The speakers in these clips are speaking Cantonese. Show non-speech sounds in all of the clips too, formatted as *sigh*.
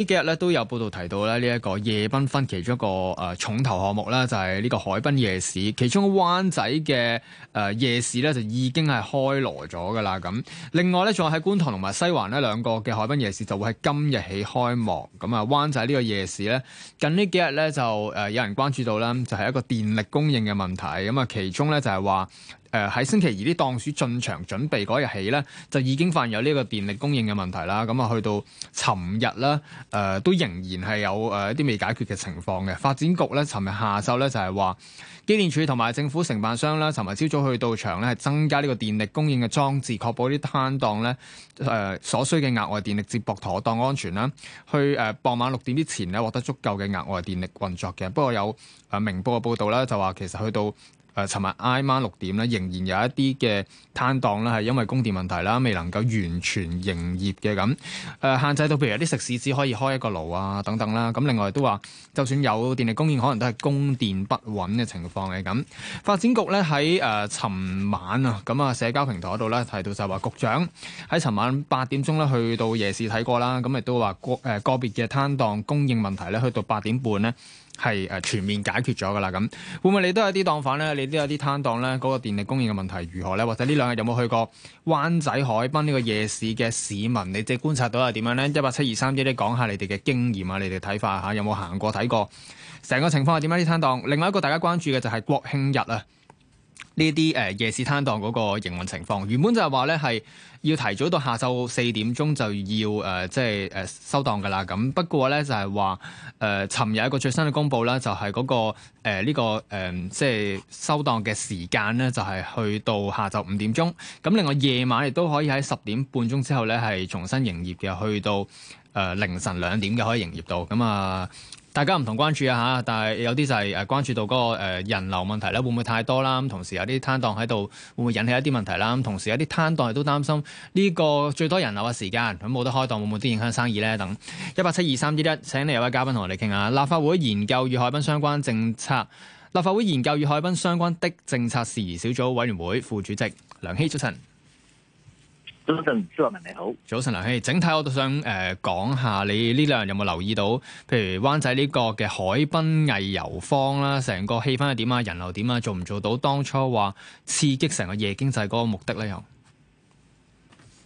呢幾日咧都有報道提到咧呢一個夜繽紛，其中一個誒重頭項目啦，就係呢個海濱夜市。其中灣仔嘅誒夜市咧就已經係開鑼咗噶啦。咁另外咧，仲有喺觀塘同埋西環呢兩個嘅海濱夜市就會喺今日起開幕。咁啊，灣仔呢個夜市咧近呢幾日咧就誒有人關注到啦，就係一個電力供應嘅問題。咁啊，其中咧就係話。誒、呃、喺星期二啲檔主進場準備嗰日起咧，就已經發現有呢個電力供應嘅問題啦。咁、嗯、啊，去到尋日啦，都仍然係有一啲、呃、未解決嘅情況嘅。發展局咧，尋日下晝咧就係、是、話，機電署同埋政府承辦商呢，尋日朝早去到場咧，係增加呢個電力供應嘅裝置，確保啲攤檔咧所需嘅額外電力接駁妥當安全啦。去、呃、傍晚六點之前咧，獲得足夠嘅額外電力運作嘅。不過有誒、呃、明報嘅報道呢，就話其實去到誒，尋日挨晚六點咧，仍然有一啲嘅攤檔咧，係因為供電問題啦，未能夠完全營業嘅咁。誒、呃，限制到譬如啲食肆只可以開一個爐啊，等等啦。咁另外都話，就算有電力供應，可能都係供電不穩嘅情況嘅咁。發展局咧喺誒尋晚啊，咁啊社交平台度咧提到就係話，局長喺尋晚八點鐘咧去到夜市睇過啦，咁亦都話個誒個別嘅攤檔供應問題咧，去到八點半咧。係誒全面解決咗噶啦，咁會唔會你都有啲檔販呢？你都有啲攤檔呢？嗰個電力供應嘅問題如何呢？或者呢兩日有冇去過灣仔海濱呢個夜市嘅市民？你即係觀察到係點樣呢？一八七二三一，你講下你哋嘅經驗啊，你哋睇法嚇，有冇行過睇過成個情況係點樣啊？啲攤檔，另外一個大家關注嘅就係國慶日啊！呢啲誒夜市攤檔嗰個營運情況，原本就係話咧係要提早到下晝四點鐘就要誒，即係誒收檔㗎喇。咁不過咧就係話誒，尋、呃、日一個最新嘅公佈咧，就係、是、嗰、嗰個呢、呃這個誒，即、呃、係、就是、收檔嘅時間咧，就係、是、去到下晝五點鐘。咁另外夜晚亦都可以喺十點半鐘之後咧，係重新營業嘅，去到誒、呃、凌晨兩點嘅可以營業到。咁啊～大家唔同關注啊嚇，但係有啲就係誒關注到嗰個人流問題咧，會唔會太多啦？咁同時有啲攤檔喺度，會唔會引起一啲問題啦？咁同時有啲攤檔亦都擔心呢個最多人流嘅時間，咁冇得開檔，會唔會啲影響生意咧？等一八七二三一一，請嚟有位嘉賓同我哋傾下。立法會研究與海濱相關政策，立法會研究與海濱相關的政策事宜小組委員會副主席梁熙出陳。早晨，諸位文，你好。早晨，梁熙，整體我都想誒講、呃、下，你呢兩日有冇留意到，譬如灣仔呢個嘅海濱藝遊坊啦，成個氣氛係點啊，人流點啊？做唔做到當初話刺激成個夜經濟嗰個目的咧？又？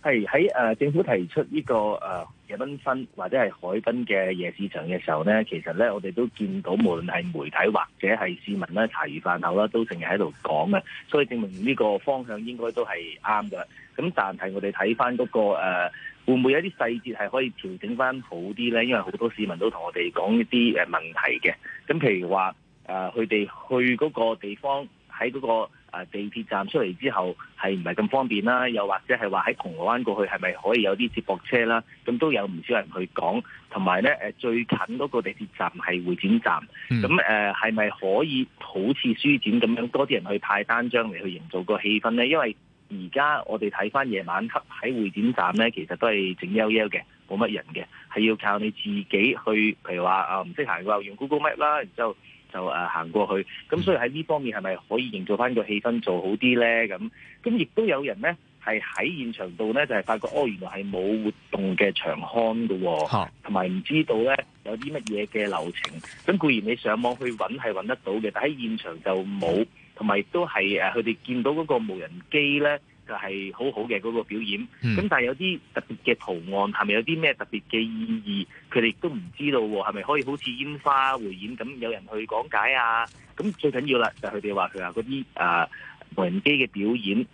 係喺誒政府提出呢、呢個誒、呃、夜繽紛或者係海濱嘅夜市場嘅時候咧，其實咧我哋都見到無論係媒體或者係市民咧茶餘飯後啦，都成日喺度講嘅，所以證明呢個方向應該都係啱㗎。咁但係我哋睇翻嗰個誒、呃，會唔會有啲細節係可以調整翻好啲咧？因為好多市民都同我哋講一啲誒問題嘅。咁譬如話誒，佢、呃、哋去嗰個地方喺嗰、嗰個。地鐵站出嚟之後係唔係咁方便啦？又或者係話喺銅鑼灣過去係咪可以有啲接駁車啦？咁都有唔少人去講，同埋呢，誒最近嗰個地鐵站係會展站，咁誒係咪可以好似書展咁樣多啲人去派單張嚟去營造個氣氛呢？因為而家我哋睇返夜晚喺會展站呢，其實都係靜幽幽嘅，冇乜人嘅，係要靠你自己去，譬如話啊唔識行嘅話用 Google Map 啦，然之後，就誒行過去，咁所以喺呢方面係咪可以營造翻個氣氛做好啲呢？咁咁亦都有人呢係喺現場度呢，就係、是、發覺哦，原來係冇活動嘅場刊㗎、哦，同埋唔知道呢有啲乜嘢嘅流程。咁固然你上網去揾係揾得到嘅，但喺現場就冇，同埋亦都係誒佢哋見到嗰個無人機呢。就係好好嘅嗰個表演，咁但係有啲特別嘅圖案，係咪有啲咩特別嘅意義？佢哋都唔知道喎，係咪可以好似煙花匯演咁有人去講解啊？咁最緊要啦，就係佢哋話佢話嗰啲啊無人機嘅表演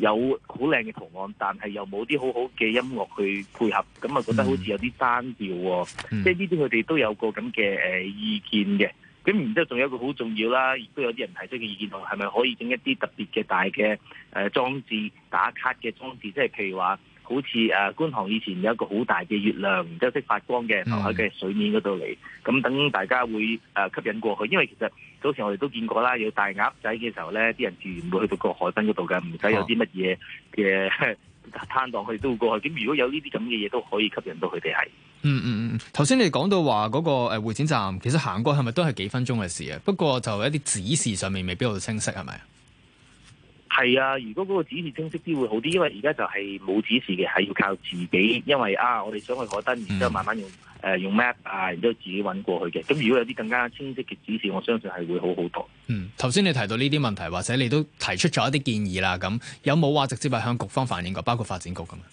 有好靚嘅圖案，但係又冇啲好好嘅音樂去配合，咁啊覺得好似有啲單調喎，即係呢啲佢哋都有個咁嘅誒意見嘅。咁然之後仲有一個好重要啦，亦都有啲人提出嘅意見，同係咪可以整一啲特別嘅大嘅裝置，打卡嘅裝置，即係譬如話好似誒觀塘以前有一個好大嘅月亮，然之後識發光嘅頭海嘅水面嗰度嚟，咁、mm. 等大家會吸引過去。因為其實早前我哋都見過啦，有大鴨仔嘅時候咧，啲人自然會去到個海邊嗰度嘅，唔使有啲乜嘢嘅攤檔，去都會過去。咁、oh. 如果有呢啲咁嘅嘢，都可以吸引到佢哋係。嗯嗯嗯，頭、嗯、先你講到話嗰個誒會展站，其實行過係咪都係幾分鐘嘅事啊？不過就一啲指示上面未必好清晰，係咪？係啊，如果嗰個指示清晰啲會好啲，因為而家就係冇指示嘅，係要靠自己。因為啊，我哋想去可登、嗯，然之後慢慢用誒、呃、用 map 啊，然之後自己揾過去嘅。咁如果有啲更加清晰嘅指示，我相信係會好好多。嗯，頭先你提到呢啲問題，或者你都提出咗一啲建議啦。咁有冇話直接話向局方反映過？包括發展局咁啊？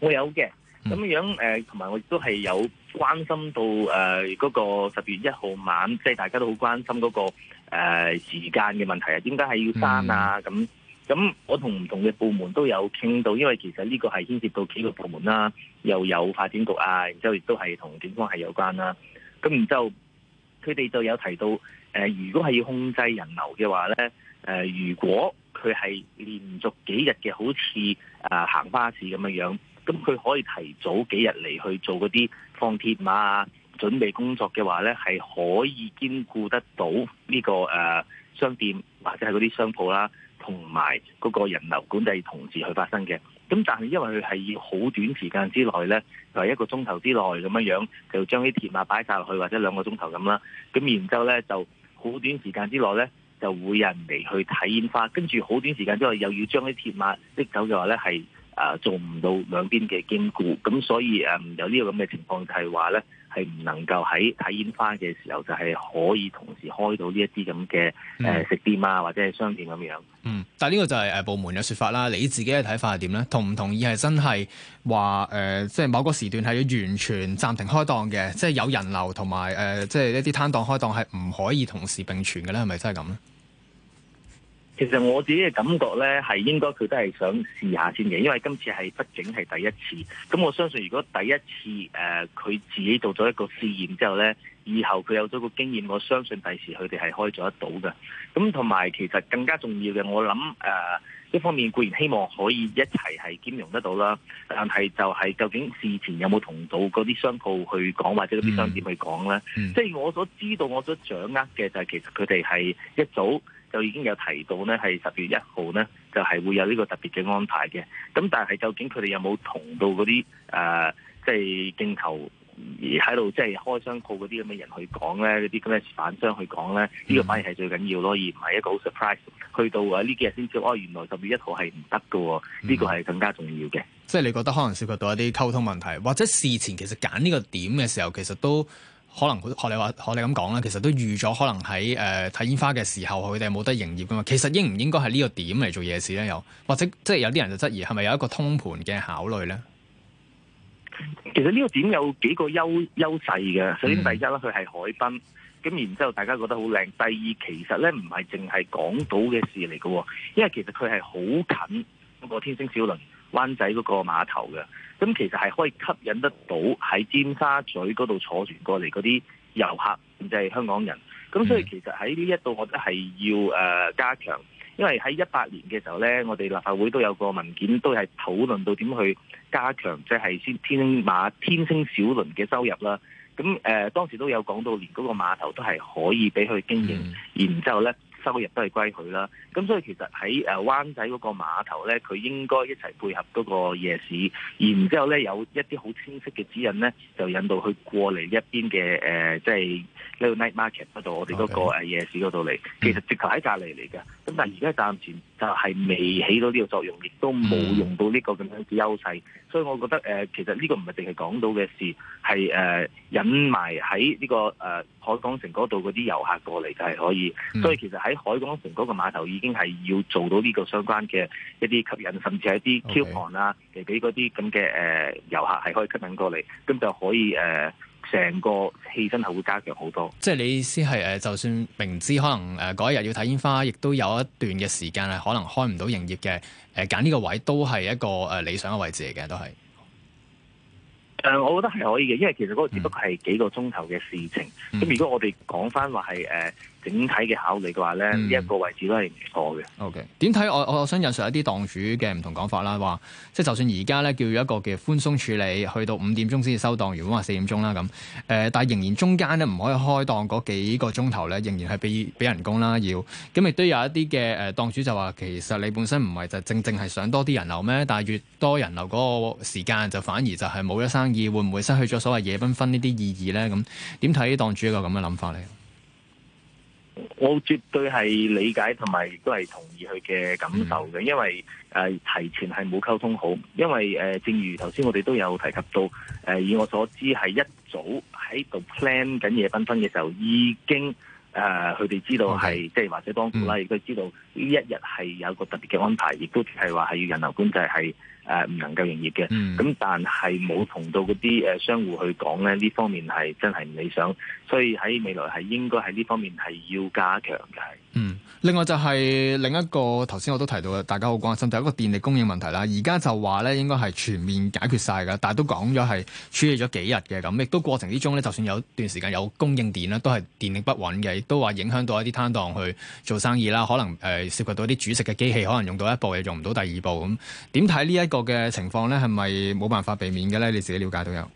我有嘅。咁、嗯、樣樣，誒、呃，同埋我亦都係有關心到誒，嗰、呃那個十月一號晚，即、就、係、是、大家都好關心嗰、那個誒、呃、時間嘅問題啊，點解係要閂啊？咁咁，我同唔同嘅部門都有傾到，因為其實呢個係牽涉到幾個部門啦、啊，又有發展局啊，然之後亦都係同警方係有關啦、啊。咁然之後，佢哋就有提到，誒、呃，如果係要控制人流嘅話咧，誒、呃，如果佢係連續幾日嘅，好似誒、呃、行巴士咁嘅樣。咁佢可以提早幾日嚟去做嗰啲放鐵馬、啊、準備工作嘅話咧，係可以兼顧得到呢、這個誒、呃、商店或者係嗰啲商鋪啦、啊，同埋嗰個人流管制同時去發生嘅。咁但係因為佢係要好短時間之內咧，就係、是、一個鐘頭之內咁樣樣，就將啲鐵馬擺晒落去或者兩個鐘頭咁啦。咁然之後咧，就好短時間之內咧，就會有人嚟去睇煙花，跟住好短時間之內又要將啲鐵馬拎走嘅話咧，係。啊，做唔到兩邊嘅兼顧，咁所以誒有呢個咁嘅情況，就係話咧，係唔能夠喺睇煙花嘅時候，就係可以同時開到呢一啲咁嘅誒食店啊，或者係商店咁樣。嗯，但係呢個就係誒部門嘅説法啦。你自己嘅睇法係點咧？同唔同意係真係話誒，即係某個時段係要完全暫停開檔嘅，即係有人流同埋誒，即係一啲攤檔開檔係唔可以同時並存嘅咧？係咪真係咁咧？其實我自己嘅感覺呢，係應該佢都係想試下先嘅，因為今次係畢竟係第一次。咁我相信，如果第一次誒佢、呃、自己做咗一個試驗之後呢，以後佢有咗個經驗，我相信第時佢哋係可以做得到嘅。咁同埋其實更加重要嘅，我諗誒、呃、一方面固然希望可以一齊係兼容得到啦，但係就係究竟事前有冇同到嗰啲商鋪去講，或者嗰啲商店去講呢？嗯嗯、即係我所知道、我所掌握嘅就係其實佢哋係一早，就已經有提到呢係十月一號呢，就係會有呢個特別嘅安排嘅。咁但係究竟佢哋有冇同到嗰啲即係鏡頭而喺度即係開箱鋪嗰啲咁嘅人去講呢？嗰啲咁嘅反商去講呢？呢、這個反而係最緊要咯，而唔係一個好 surprise，去到啊呢幾日先知，哦原來十月一號係唔得喎。呢、這個係更加重要嘅、嗯。即係你覺得可能涉及到一啲溝通問題，或者事前其實揀呢個點嘅時候，其實都。可能學你話學你咁講啦，其實都預咗可能喺誒睇煙花嘅時候，佢哋冇得營業噶嘛。其實應唔應該係呢個點嚟做夜市咧？又或者即係有啲人就質疑係咪有一個通盤嘅考慮咧？其實呢個點有幾個優優勢嘅。首先第一啦，佢係海濱，咁然之後大家覺得好靚。第二其實咧，唔係淨係港島嘅事嚟嘅，因為其實佢係好近個天星小輪。灣仔嗰個碼頭嘅，咁其實係可以吸引得到喺尖沙咀嗰度坐船過嚟嗰啲遊客，即係香港人。咁所以其實喺呢一度，我都係要誒加強，因為喺一八年嘅時候呢，我哋立法會都有個文件，都係討論到點去加強，即係先天馬天星小輪嘅收入啦。咁誒呃當時都有講到，連嗰個碼頭都係可以俾佢經營，然之後呢，收入都係歸佢啦，咁所以其實喺誒灣仔嗰個碼頭咧，佢應該一齊配合嗰個夜市，然之後咧有一啲好清晰嘅指引咧，就引導佢過嚟一邊嘅誒，即、呃、係。就係喺、那、度、個、night market 度，我哋嗰個夜市嗰度嚟，okay. 其實直頭喺隔離嚟嘅。咁、mm. 但係而家暫時就係未起到呢個作用，亦都冇用到呢個咁樣嘅優勢。所以我覺得、呃、其實呢個唔係淨係講到嘅事，係誒、呃、引埋喺呢個誒、呃、海港城嗰度嗰啲遊客過嚟就係可以。所以其實喺海港城嗰個碼頭已經係要做到呢個相關嘅一啲吸引，甚至係一啲 coupon 啊，嚟俾嗰啲咁嘅誒遊客係可以吸引過嚟，咁就可以誒。呃成個氣氛係會加強好多，即係你意思係誒，就算明知可能誒嗰一日要睇煙花，亦都有一段嘅時間係可能開唔到營業嘅。誒，揀呢個位都係一個誒理想嘅位置嚟嘅，都係。誒，我覺得係可以嘅，因為其實嗰個只不過係幾個鐘頭嘅事情。咁、嗯、如果我哋講翻話係誒。呃整體嘅考慮嘅話咧，呢一個位置都係唔錯嘅。OK，點睇我？我想引述一啲檔主嘅唔同講法啦，話即係就算而家咧叫一個嘅寬鬆處理，去到五點鐘先至收檔，原本話四點鐘啦咁。誒、呃，但係仍然中間咧唔可以開檔嗰幾個鐘頭咧，仍然係俾俾人工啦要。咁亦都有一啲嘅誒檔主就話，其實你本身唔係就正正係想多啲人流咩？但係越多人流嗰個時間就反而就係冇咗生意，會唔會失去咗所謂夜繽紛呢啲意義咧？咁點睇啲檔主一個咁嘅諗法咧？我絕對係理解同埋亦都係同意佢嘅感受嘅，因為誒、呃、提前係冇溝通好，因為誒、呃、正如頭先我哋都有提及到，誒、呃、以我所知係一早喺度 plan 緊嘢紛紛嘅時候，已經誒佢哋知道係、okay. 即係或者當局啦，亦都知道呢一日係有一個特別嘅安排，亦都係話係要人流管制係。誒、呃、唔能夠營業嘅，咁、嗯、但係冇同到嗰啲誒商戶去講咧，呢方面係真係唔理想，所以喺未來係應該喺呢方面係要加強嘅。嗯，另外就係另一個頭先我都提到嘅，大家好關心就係一個電力供應問題啦。而家就話咧應該係全面解決晒㗎，但係都講咗係處理咗幾日嘅，咁亦都過程之中咧，就算有段時間有供應電啦，都係電力不穩嘅，都話影響到一啲攤檔去做生意啦，可能誒、呃、涉及到啲煮食嘅機器，可能用到一部嘢用唔到第二部咁。點睇呢一個？嘅情況咧，係咪冇辦法避免嘅咧？你自己了解都有。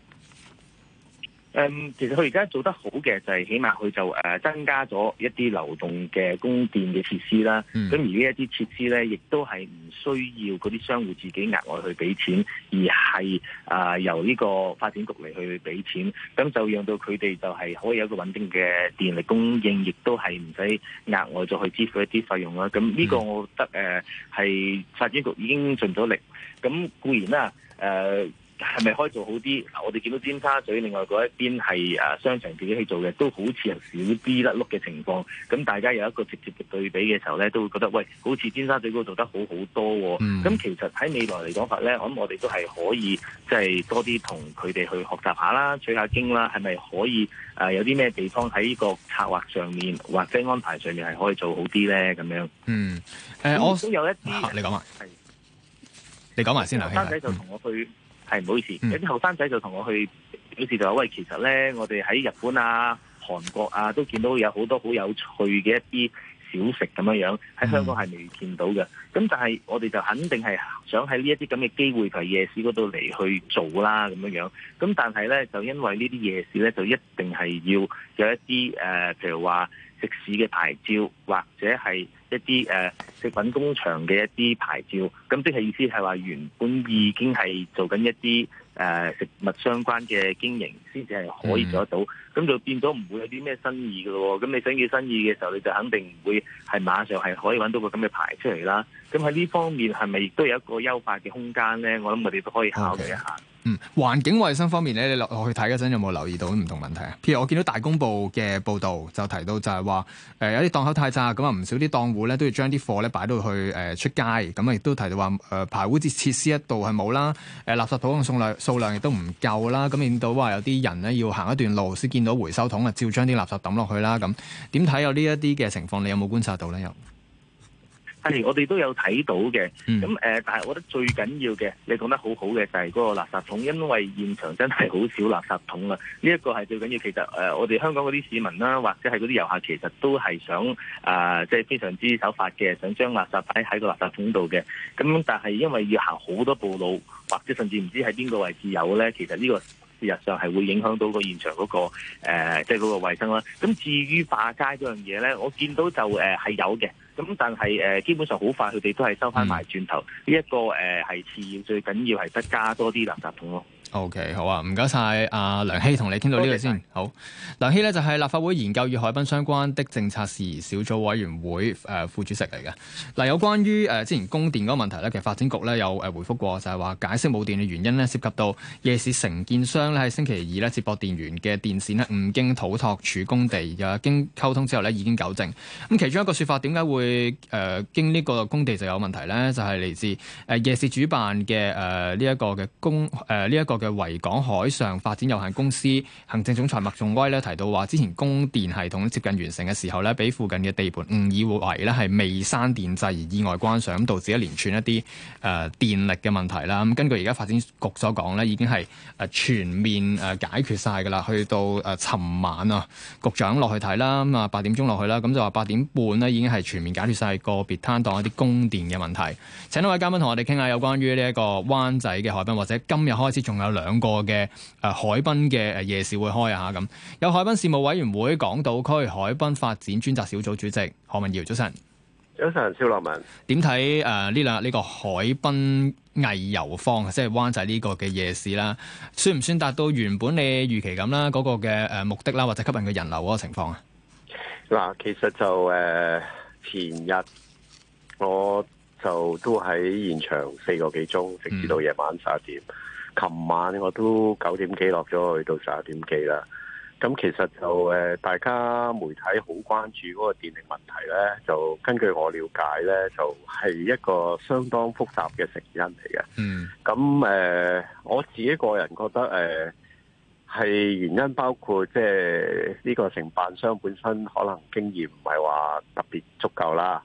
誒，其實佢而家做得好嘅就係，起碼佢就誒增加咗一啲流動嘅供電嘅設施啦、嗯。咁而呢一啲設施咧，亦都係唔需要嗰啲商戶自己額外去俾錢，而係啊由呢個發展局嚟去俾錢。咁就讓到佢哋就係可以有一個穩定嘅電力供應，亦都係唔使額外再去支付一啲費用啦。咁呢個我覺得誒係、呃、發展局已經盡咗力。咁固然啦，誒係咪可以做好啲？嗱，我哋見到尖沙咀另外嗰一邊係誒商場自己去做嘅，都好似係少啲甩碌嘅情況。咁大家有一個直接嘅對比嘅時候咧，都會覺得喂，好似尖沙咀嗰度得好好多喎、哦。咁、嗯、其實喺未來嚟講法咧，我諗我哋都係可以即係多啲同佢哋去學習下啦，取下經啦，係咪可以誒有啲咩地方喺個策劃上面或者安排上面係可以做好啲咧？咁樣嗯我都、呃、有一啲、啊，你講啊，係你講埋先啦，後生仔就同我去，係、嗯、唔好意思，嗯、有啲後生仔就同我去，表示就話喂，其實咧，我哋喺日本啊、韓國啊，都見到有好多好有趣嘅一啲小食咁樣樣，喺香港係未見到嘅。咁、嗯、但係我哋就肯定係想喺呢一啲咁嘅機會同夜市嗰度嚟去做啦，咁樣樣。咁但係咧，就因為呢啲夜市咧，就一定係要有一啲誒，呃、譬如話食肆嘅牌照或者係，一啲誒食品工場嘅一啲牌照，咁即係意思係話原本已經係做緊一啲誒、呃、食物相關嘅經營，先至係可以做得到，咁、嗯、就變咗唔會有啲咩新意噶咯。咁你想要新意嘅時候，你就肯定唔會係馬上係可以揾到個咁嘅牌出嚟啦。咁喺呢方面係咪亦都有一個優化嘅空間咧？我諗我哋都可以考慮一下。Okay. 嗯，環境衞生方面咧，你落去睇嗰陣有冇留意到唔同問題啊？譬如我見到大公報嘅報導就提到就係話誒有啲檔口太窄，咁啊唔少啲檔戶。咧都要將啲貨咧擺到去誒出街，咁啊亦都提到話誒排污設設施一度係冇啦，誒垃圾桶嘅數量數量亦都唔夠啦，咁見到話有啲人咧要行一段路先見到回收桶啊，照將啲垃圾抌落去啦咁，點睇有呢一啲嘅情況？你有冇觀察到咧？又？但係我哋都有睇到嘅，咁誒，但係我覺得最緊要嘅，你講得很好好嘅，就係嗰個垃圾桶，因為現場真係好少垃圾桶啦。呢、這、一個係最緊要，其實誒，我哋香港嗰啲市民啦，或者係嗰啲遊客，其實都係想啊，即、呃、係、就是、非常之守法嘅，想將垃圾擺喺個垃圾桶度嘅。咁但係因為要行好多步路，或者甚至唔知喺邊個位置有咧，其實呢個事實上係會影響到個現場嗰、那個誒，即係嗰個衞生啦。咁至於霸街嗰樣嘢咧，我見到就誒係、呃、有嘅。咁但係誒、呃，基本上好快佢哋都係收翻埋轉頭，呢、嗯、一、這個誒係、呃、次要，最緊要係得加多啲垃圾桶咯。O.K. 好啊，唔該晒阿梁熙同你傾到呢度先。Okay. 好，梁熙呢就係、是、立法會研究與海濱相關的政策事宜小組委員會誒、呃、副主席嚟嘅。嗱、呃，有關於誒、呃、之前供電嗰個問題呢，其實發展局呢有誒、呃、回覆過，就係、是、話解釋冇電嘅原因呢，涉及到夜市承建商咧喺星期二呢接駁電源嘅電線呢，唔經土拓署工地，又經溝通之後呢已經糾正。咁、嗯、其中一個說法，點解會誒、呃、經呢個工地就有問題呢？就係、是、嚟自誒、呃、夜市主辦嘅誒呢一個嘅公誒呢一個嘅。嘅維港海上發展有限公司行政總裁麥仲威咧提到話，之前供電系統接近完成嘅時候咧，俾附近嘅地盤誤以為咧係未閂電掣而意外關上，咁導致一連串一啲誒、呃、電力嘅問題啦。咁根據而家發展局所講咧，已經係誒全面誒解決晒噶啦。去到誒尋晚啊，局長落去睇啦，咁啊八點鐘落去啦，咁就話八點半已經係全面解決晒個別攤檔一啲供電嘅問題。請兩位嘉賓同我哋傾下有關於呢一個灣仔嘅海濱，或者今日開始仲有。兩個嘅誒、呃，海濱嘅夜市會開下咁。有海濱事務委員會、港島區海濱發展專責小組主席何文堯，早晨。早晨，肖樂文，點睇誒？呢兩呢個海濱藝遊坊，即係灣仔呢個嘅夜市啦，算唔算達到原本你預期咁啦？嗰個嘅誒目的啦，或者吸引嘅人流嗰個情況啊？嗱，其實就誒、呃、前日我就都喺現場四個幾鐘，直至到夜晚十一點。嗯琴晚我都九點幾落咗去到十點幾啦，咁其實就大家、呃、媒體好關注嗰個電力問題呢，就根據我了解呢，就係、是、一個相當複雜嘅成因嚟嘅。嗯，咁誒、呃，我自己個人覺得誒，係、呃、原因包括即係呢個承辦商本身可能經驗唔係話特別足夠啦。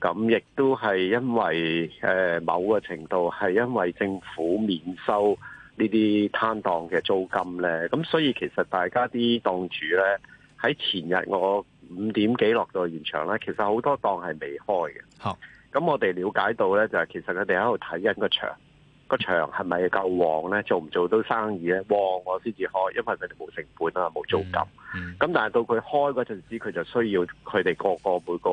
咁亦都係因為誒、呃、某個程度係因為政府免收呢啲攤檔嘅租金咧，咁所以其實大家啲檔主咧，喺前日我五點幾落到現場咧，其實好多檔係未開嘅。好，咁我哋了解到咧，就係、是、其實佢哋喺度睇緊個場。個場係咪夠旺呢？做唔做到生意呢？旺我先至開，因為佢哋冇成本啊，冇租金。咁、嗯嗯、但係到佢開嗰陣時，佢就需要佢哋個個每個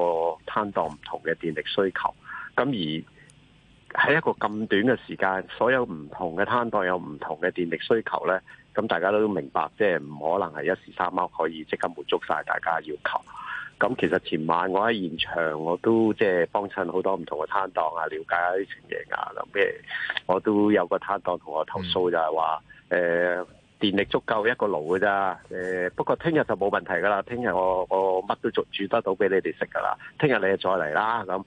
攤檔唔同嘅電力需求。咁而喺一個咁短嘅時間，所有唔同嘅攤檔有唔同嘅電力需求呢，咁大家都明白，即係唔可能係一時三刻可以即刻滿足晒大家要求。咁其實前晚我喺現場，我都即係幫襯好多唔同嘅攤檔啊，了解下啲情形啊。咁譬如我都有個攤檔同我投訴就，就係話誒電力足夠一個爐嘅咋。誒不過聽日就冇問題㗎啦。聽日我我乜都煮煮得到俾你哋食㗎啦。聽日你哋再嚟啦。咁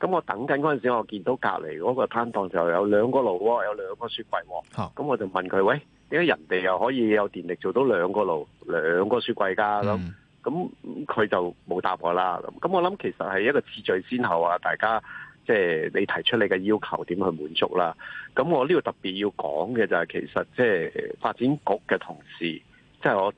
咁我等緊嗰陣時，我見到隔離嗰個攤檔就有兩個爐喎，有兩個雪櫃喎。咁我就問佢，喂，點解人哋又可以有電力做到兩個爐、兩個雪櫃㗎？咁、嗯咁佢就冇答我啦。咁我諗其實係一個次序先後啊，大家即係、就是、你提出你嘅要求，點去滿足啦、啊。咁我呢度特別要講嘅就係、是，其實即係發展局嘅同事，即、就、係、是、我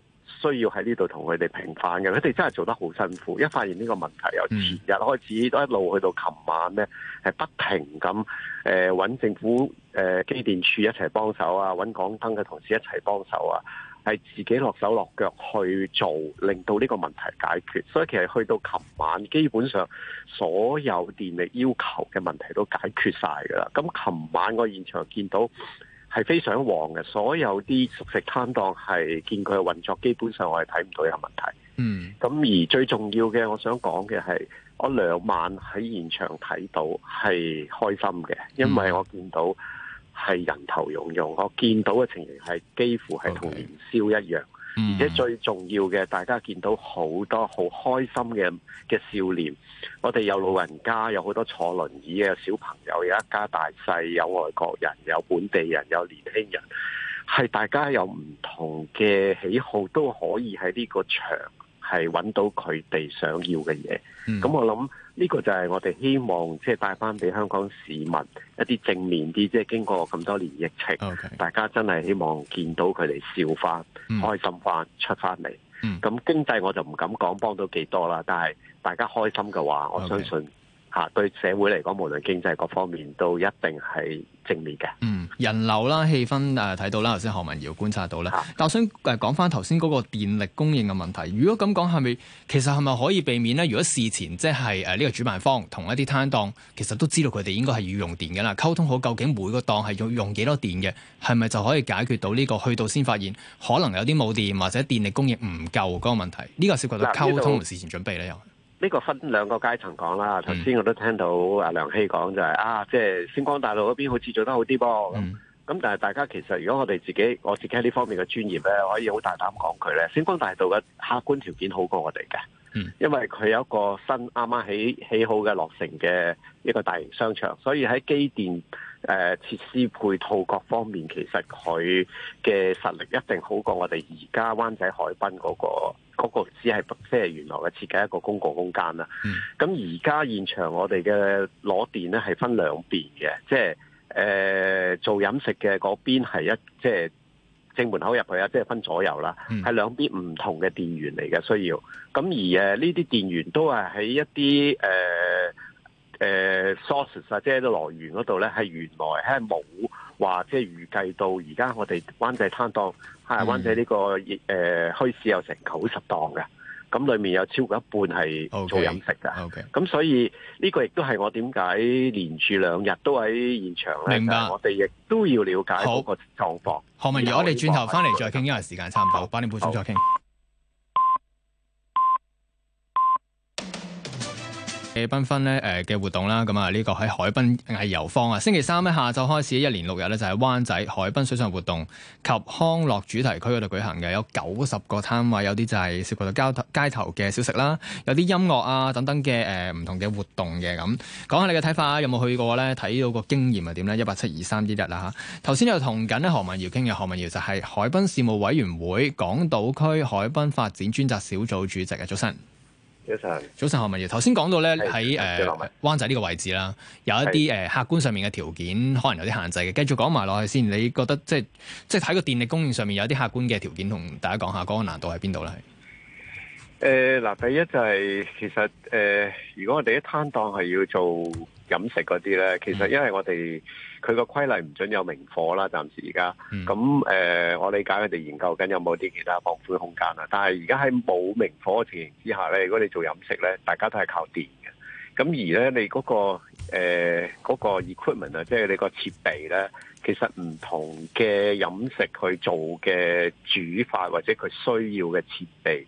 需要喺呢度同佢哋平反嘅，佢哋真係做得好辛苦。一發現呢個問題，由前日開始都一路去到琴晚咧，係不停咁誒揾政府誒機電處一齊幫手啊，揾港燈嘅同事一齊幫手啊。係自己落手落腳去做，令到呢個問題解決。所以其實去到琴晚，基本上所有電力要求嘅問題都解決晒㗎啦。咁琴晚我現場見到係非常旺嘅，所有啲熟食攤檔係見佢嘅運作，基本上我係睇唔到有問題。嗯。咁而最重要嘅，我想講嘅係我兩晚喺現場睇到係開心嘅，因為我見到。係人頭湧湧，我見到嘅情形係幾乎係同年宵一樣，okay. 而且最重要嘅，大家見到好多好開心嘅嘅笑臉。我哋有老人家，有好多坐輪椅嘅小朋友，有一家大細，有外國人，有本地人，有年輕人，係大家有唔同嘅喜好，都可以喺呢個場。係揾到佢哋想要嘅嘢，咁、嗯、我諗呢個就係我哋希望即係帶翻俾香港市民一啲正面啲，即、就、係、係、經過咁多年疫情，okay. 大家真係希望見到佢哋笑翻、嗯、開心翻、嗯、出翻嚟。咁經濟我就唔敢講幫到幾多啦，但係大家開心嘅話，okay. 我相信。嚇、啊、對社會嚟講，無論經濟各方面都一定係正面嘅。嗯，人流啦、氣氛、呃、睇到啦，頭先何文堯觀察到啦。啊、但我想誒講翻頭先嗰個電力供應嘅問題。如果咁講，係咪其實係咪可以避免咧？如果事前即係呢個主辦方同一啲攤檔，其實都知道佢哋應該係要用電嘅啦。溝通好，究竟每個檔係要用幾多電嘅，係咪就可以解決到呢、這個去到先發現可能有啲冇電或者電力供應唔夠嗰個問題？呢、這個涉及到溝通同、啊、事前準備咧，又。呢、這個分兩個階層講啦，頭先我都聽到阿梁熙講就係啊，即係星光大道嗰邊好似做得好啲噃。咁、mm. 但係大家其實如果我哋自己，我自己喺呢方面嘅專業咧，可以好大膽講佢咧，星光大道嘅客觀條件好過我哋嘅，mm. 因為佢有一個新啱啱起起好嘅落成嘅一個大型商場，所以喺機電誒設、呃、施配套各方面，其實佢嘅實力一定好過我哋而家灣仔海濱嗰、那個。嗰、那個只係即係原來嘅設計一個公共空間啦。咁而家現場我哋嘅攞電咧係分兩邊嘅，即係誒做飲食嘅嗰邊係一即係、就是、正門口入去啊，即、就、係、是、分左右啦，係兩邊唔同嘅電源嚟嘅需要。咁而誒呢啲電源都係喺一啲誒。呃誒、呃、sources 啊，即係來源嗰度咧，係原來係冇話，即係預計到而家我哋灣仔攤檔，係、嗯、灣仔呢、這個誒墟市有成九十檔嘅，咁、嗯、裡面有超過一半係做飲食嘅，咁、okay, okay, 所以呢、這個亦都係我點解連住兩日都喺現場咧。明白，我哋亦都要了解個狀況。何文堯，我哋轉頭翻嚟再傾、嗯，因為時間差唔多，八點半鐘再傾。嘅繽紛咧誒嘅活動啦，咁啊呢個喺海濱藝遊坊啊，星期三呢，下晝開始，一連六日呢，就喺、是、灣仔海濱水上活動及康樂主題區嗰度舉行嘅，有九十個攤位，有啲就係涉及到街頭街頭嘅小食啦，有啲音樂啊等等嘅誒唔同嘅活動嘅咁，講下你嘅睇法，有冇去過呢？睇到個經驗係點呢？一八七二三一日啦吓，頭先又同緊咧何文堯傾嘅，何文堯就係海濱事務委員會港島區海濱發展專責小組主席嘅，早晨。早晨，早晨何文堯。頭先講到咧喺誒灣仔呢個位置啦，有一啲誒客觀上面嘅條件，可能有啲限制嘅。繼續講埋落去先，你覺得即係即係睇個電力供應上面有啲客觀嘅條件，同大家講下嗰個難度喺邊度咧？誒，嗱，第一就係、是、其實誒、呃，如果我哋一攤檔係要做飲食嗰啲咧，其實因為我哋佢個規例唔准有明火啦，暫時而家。咁、嗯、誒、呃，我理解佢哋研究緊有冇啲其他放寬空間啦。但係而家喺冇明火嘅情形之下咧，如果你做飲食咧，大家都係靠電嘅。咁而咧，你嗰、那個誒嗰、呃那個 equipment 啊，即係你個設備咧，其實唔同嘅飲食去做嘅煮法或者佢需要嘅設備。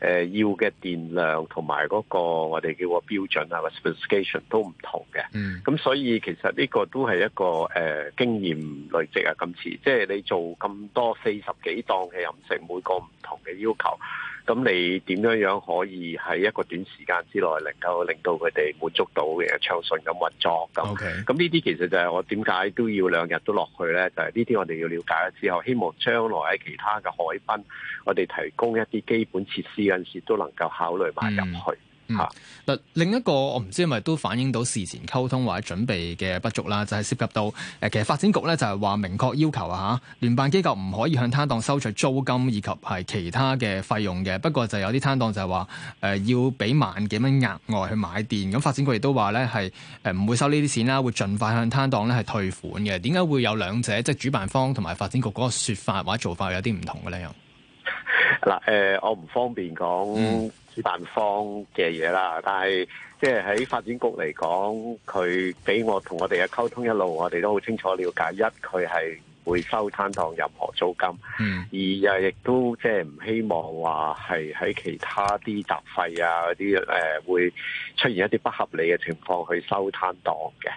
誒、呃、要嘅電量同埋嗰個我哋叫個標準啊，specification、mm. 都唔同嘅。咁所以其實呢個都係一個誒、呃、經驗累積啊。今次即係你做咁多四十幾檔嘅飲食，每個唔同嘅要求。咁你點樣樣可以喺一個短時間之內能夠令到佢哋滿足到嘅暢順咁運作咁？咁呢啲其實就係我點解都要兩日都落去呢？就係呢啲我哋要了解之後，希望將來喺其他嘅海濱，我哋提供一啲基本設施嗰陣時，都能夠考慮埋入去。嗯。嗯，嗱，另一個我唔知係咪都反映到事前溝通或者準備嘅不足啦，就係涉及到誒，其實發展局咧就係話明確要求啊嚇，聯辦機構唔可以向攤檔收取租金以及係其他嘅費用嘅。不過就有啲攤檔就係話誒要俾萬幾蚊額外去買電，咁發展局亦都話咧係誒唔會收呢啲錢啦，會盡快向攤檔咧係退款嘅。點解會有兩者即係主辦方同埋發展局嗰個説法或者做法有啲唔同嘅咧？又？嗱、呃，我唔方便講舉辦方嘅嘢啦，但係即係喺發展局嚟講，佢俾我同我哋嘅溝通一路，我哋都好清楚了解，一佢係唔會收攤檔任何租金，二、嗯、又亦都即係唔希望話係喺其他啲雜費啊嗰啲誒會出現一啲不合理嘅情況去收攤檔嘅。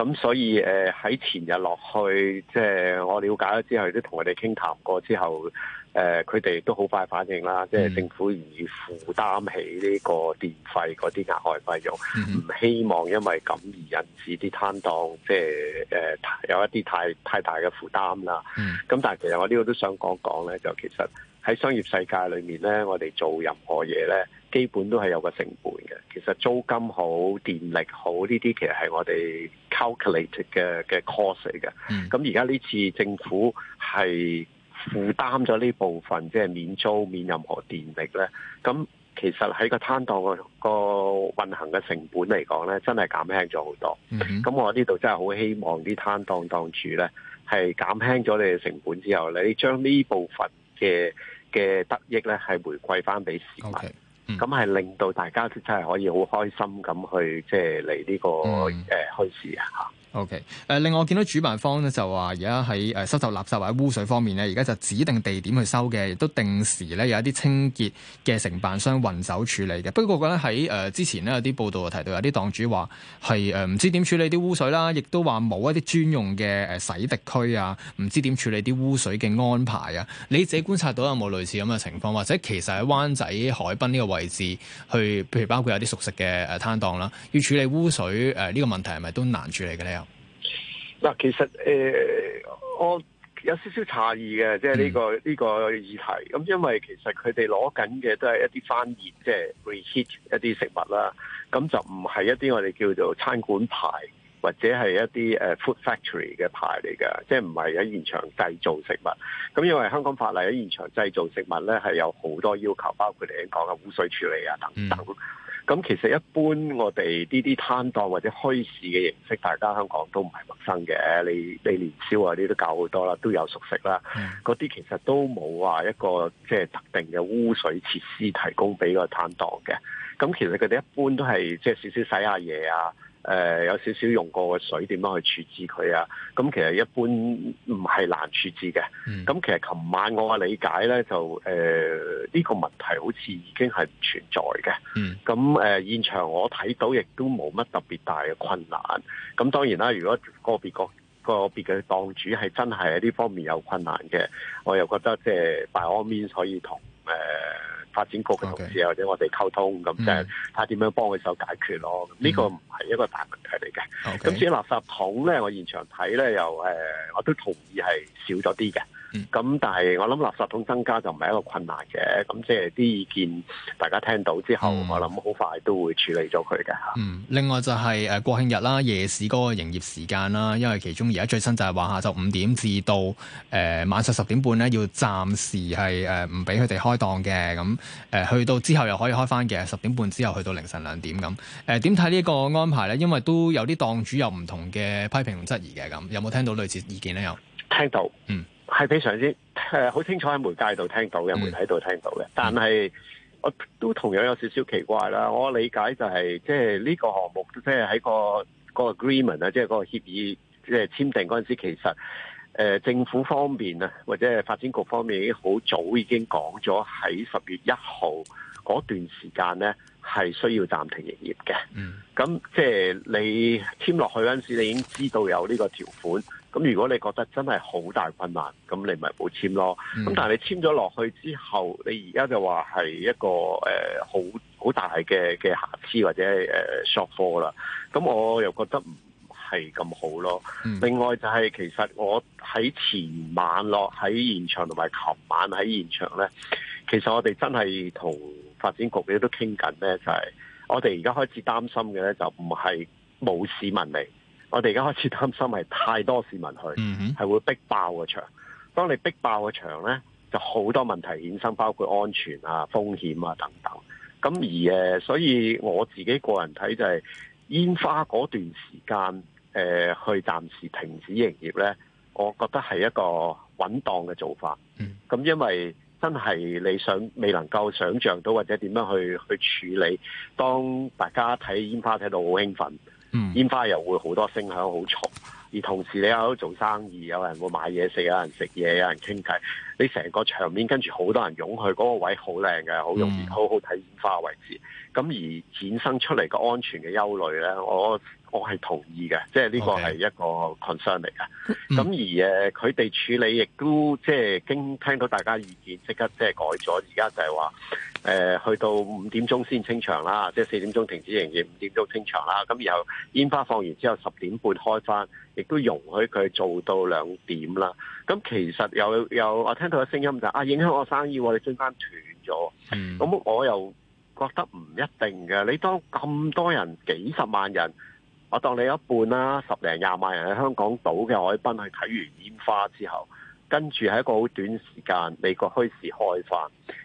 咁所以誒喺、呃、前日落去，即、就、係、是、我了解咗之後，亦都同佢哋傾談過之後，誒、呃，佢哋都好快反應啦，即、嗯、係、就是、政府願意負擔起呢個電費嗰啲額外費用，唔、嗯、希望因為咁而引致啲攤檔，即係誒有一啲太太大嘅負擔啦。咁、嗯、但係其實我呢個都想講講咧，就其實喺商業世界裏面咧，我哋做任何嘢咧。基本都係有個成本嘅。其實租金好、電力好呢啲，這些其實係我哋 calculate 嘅嘅 cost 嚟嘅。咁而家呢次政府係負擔咗呢部分，即係免租、免任何電力呢。咁其實喺個攤檔個運行嘅成本嚟講呢，真係減輕咗好多。咁、mm-hmm. 我呢度真係好希望啲攤檔檔主呢，係減輕咗你嘅成本之後，你將呢部分嘅嘅得益呢，係回饋翻俾市民。Okay. 咁、嗯、係令到大家真係可以好開心咁去，即係嚟呢個誒、嗯呃、開市啊！O.K. 誒，另外我見到主辦方咧就話，而家喺誒收集垃圾或者污水方面咧，而家就指定地點去收嘅，亦都定時咧有一啲清潔嘅承辦商運走處理嘅。不過我覺得喺誒之前咧有啲報道提到有啲檔主話係誒唔知點處理啲污水啦，亦都話冇一啲專用嘅誒洗滌區啊，唔知點處理啲污水嘅安排啊。你自己觀察到有冇類似咁嘅情況，或者其實喺灣仔海濱呢個位置去，譬如包括有啲熟食嘅誒攤檔啦，要處理污水誒呢個問題係咪都難處理嘅咧？嗱，其實誒、呃，我有少少詫異嘅，即係呢、這個呢、嗯這個議題。咁因為其實佢哋攞緊嘅都係一啲翻熱，即、就、係、是、reheat 一啲食物啦。咁就唔係一啲我哋叫做餐館牌或者係一啲誒 food factory 嘅牌嚟嘅，即係唔係喺現場製造食物。咁因為香港法例喺現場製造食物咧，係有好多要求，包括你啱講嘅污水處理啊等等。等嗯咁其實一般我哋呢啲攤檔或者開市嘅形式，大家香港都唔係陌生嘅。你你年宵啊啲都搞好多啦，都有熟食啦。嗰啲其實都冇話一個即係、就是、特定嘅污水設施提供俾個攤檔嘅。咁其實佢哋一般都係即係少少洗下嘢啊。誒、呃、有少少用過嘅水點樣去處置佢啊？咁其實一般唔係難處置嘅。咁、mm. 其實琴晚我嘅理解呢，就誒呢、呃呢個問題好似已經係唔存在嘅。咁、mm. 誒、呃、現場我睇到亦都冇乜特別大嘅困難。咁當然啦，如果個別個別別嘅檔主係真係喺呢方面有困難嘅，我又覺得即係 by all means 可以同誒。呃發展局嘅同事啊，okay. 或者我哋溝通咁，即係睇下點樣幫佢手解決咯。呢、mm. 個唔係一個大問題嚟嘅。咁至於垃圾桶咧，我現場睇咧，又誒、呃，我都同意係少咗啲嘅。咁、嗯、但係我諗垃圾桶增加就唔係一個困難嘅，咁即係啲意見大家聽到之後，我諗好快都會處理咗佢嘅吓。另外就係誒國慶日啦，夜市嗰個營業時間啦，因為其中而家最新就係話下晝五點至到誒、呃、晚上十點半咧，要暫時係誒唔俾佢哋開檔嘅，咁誒、呃、去到之後又可以開翻嘅，十點半之後去到凌晨兩點咁。誒點睇呢個安排呢？因為都有啲檔主有唔同嘅批評同質疑嘅，咁有冇聽到類似意見呢？有聽到，嗯。係非常之誒，好、呃、清楚喺媒介度聽到嘅，媒體度聽到嘅。但係我都同樣有少少奇怪啦。我理解就係、是、即係呢個項目，即係喺、那個、那個 agreement 啊，即係個協議誒簽訂嗰陣時，其實誒、呃、政府方面啊，或者發展局方面已經好早已經講咗喺十月一號。嗰段時間呢係需要暫停營業嘅。咁、mm. 即係你簽落去嗰陣時，你已經知道有呢個條款。咁如果你覺得真係好大困難，咁你咪冇簽咯。咁、mm. 但係你簽咗落去之後，你而家就話係一個誒好好大嘅嘅瑕疵或者誒縮貨啦。咁、呃、我又覺得唔係咁好咯。Mm. 另外就係、是、其實我喺前晚落喺現場，同埋琴晚喺現場呢，其實我哋真係同發展局亦都傾緊咧，就係、是、我哋而家開始擔心嘅咧，就唔係冇市民嚟，我哋而家開始擔心係太多市民去，係會逼爆個場。當你逼爆個場咧，就好多問題衍生，包括安全啊、風險啊等等。咁而所以我自己個人睇就係，煙花嗰段時間、呃、去暫時停止營業咧，我覺得係一個穩當嘅做法。咁因為真係你想未能夠想像到，或者點樣去去處理？當大家睇煙花睇到好興奮。煙、嗯、花又會好多聲響，好嘈。而同時你喺度做生意，有人會買嘢食，有人食嘢，有人傾偈。你成個場面跟住好多人湧去嗰、嗰個位，嗯、好靚嘅，好容易好好睇煙花位置。咁而衍生出嚟個安全嘅憂慮呢，我我係同意嘅，即係呢個係一個 concern 嚟嘅。咁而誒，佢哋處理亦都即係經聽到大家意見，即刻即係改咗。而家就係話。誒，去到五點鐘先清場啦，即係四點鐘停止營業，五點鐘清場啦。咁然後煙花放完之後十點半開返，亦都容許佢做到兩點啦。咁其實有有我聽到嘅聲音就啊，影響我生意，我哋中間斷咗。咁、嗯、我又覺得唔一定嘅。你當咁多人，幾十萬人，我當你一半啦，十零廿萬人喺香港島嘅海濱去睇完煙花之後。跟住係一個好短時間，美國墟市開翻。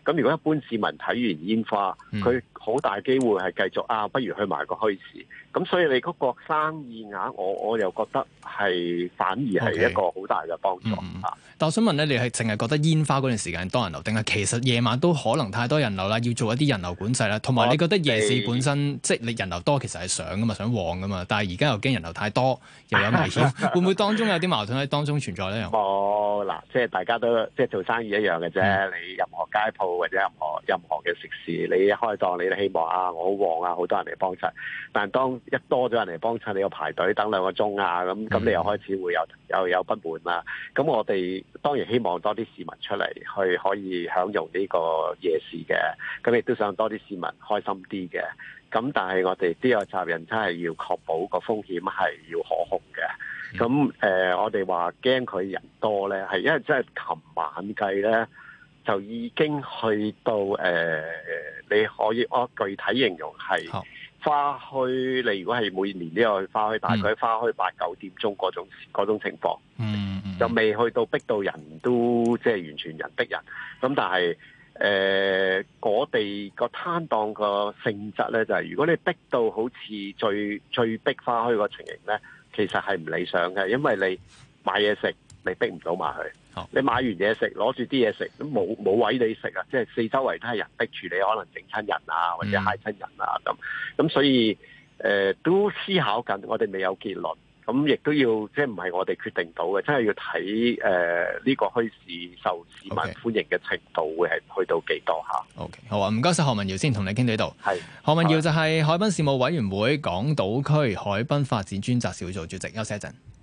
咁如果一般市民睇完煙花，佢、嗯、好大機會係繼續啊，不如去埋個墟市。咁所以你嗰個生意額，我我又覺得係反而係一個好大嘅幫助。但我想問咧，你係淨係覺得煙花嗰段時間多人流，定係其實夜晚都可能太多人流啦，要做一啲人流管制啦？同埋你覺得夜市本身即係你人流多，其實係上噶嘛，想旺噶嘛？但係而家又驚人流太多，又有危險， *laughs* 會唔會當中有啲矛盾喺當中存在呢？即係大家都即係做生意一樣嘅啫、嗯，你任何街鋪或者任何任何嘅食肆，你一開檔你都希望啊，我好旺啊，好多人嚟幫襯。但當當一多咗人嚟幫襯，你要排隊等兩個鐘啊，咁咁你又開始會有又有，有不滿啦。咁我哋當然希望多啲市民出嚟去可以享用呢個夜市嘅，咁亦都想多啲市民開心啲嘅。咁但係我哋都有責任，真係要確保個風險係要可控嘅。咁誒、呃，我哋話驚佢人多咧，係因為即係琴晚計咧，就已經去到誒、呃，你可以我具體形容係花墟。你如果係每年都有去花墟，大概花墟八九點鐘嗰種嗰種、嗯、情況，嗯，嗯，就未去到逼到人都即係完全人逼人。咁但係誒，我哋個攤檔個性質咧，就係、是、如果你逼到好似最最逼花墟個情形咧。其實係唔理想嘅，因為你買嘢食，你逼唔到埋佢。你買完嘢食，攞住啲嘢食，咁冇冇位你食啊！即係四周圍都係人逼住你，可能整親人啊，或者揩親人啊咁。咁、嗯、所以誒、呃，都思考緊，我哋未有結論。咁亦都要即係唔係我哋決定到嘅，真係要睇誒呢個墟市受市民歡迎嘅程度會係去到幾多下、okay. okay. 好好啊，唔該晒。何文堯先同你傾到呢度。何文堯就係海濱事務委員會港島區海濱發展專責小組主席，休息一陣。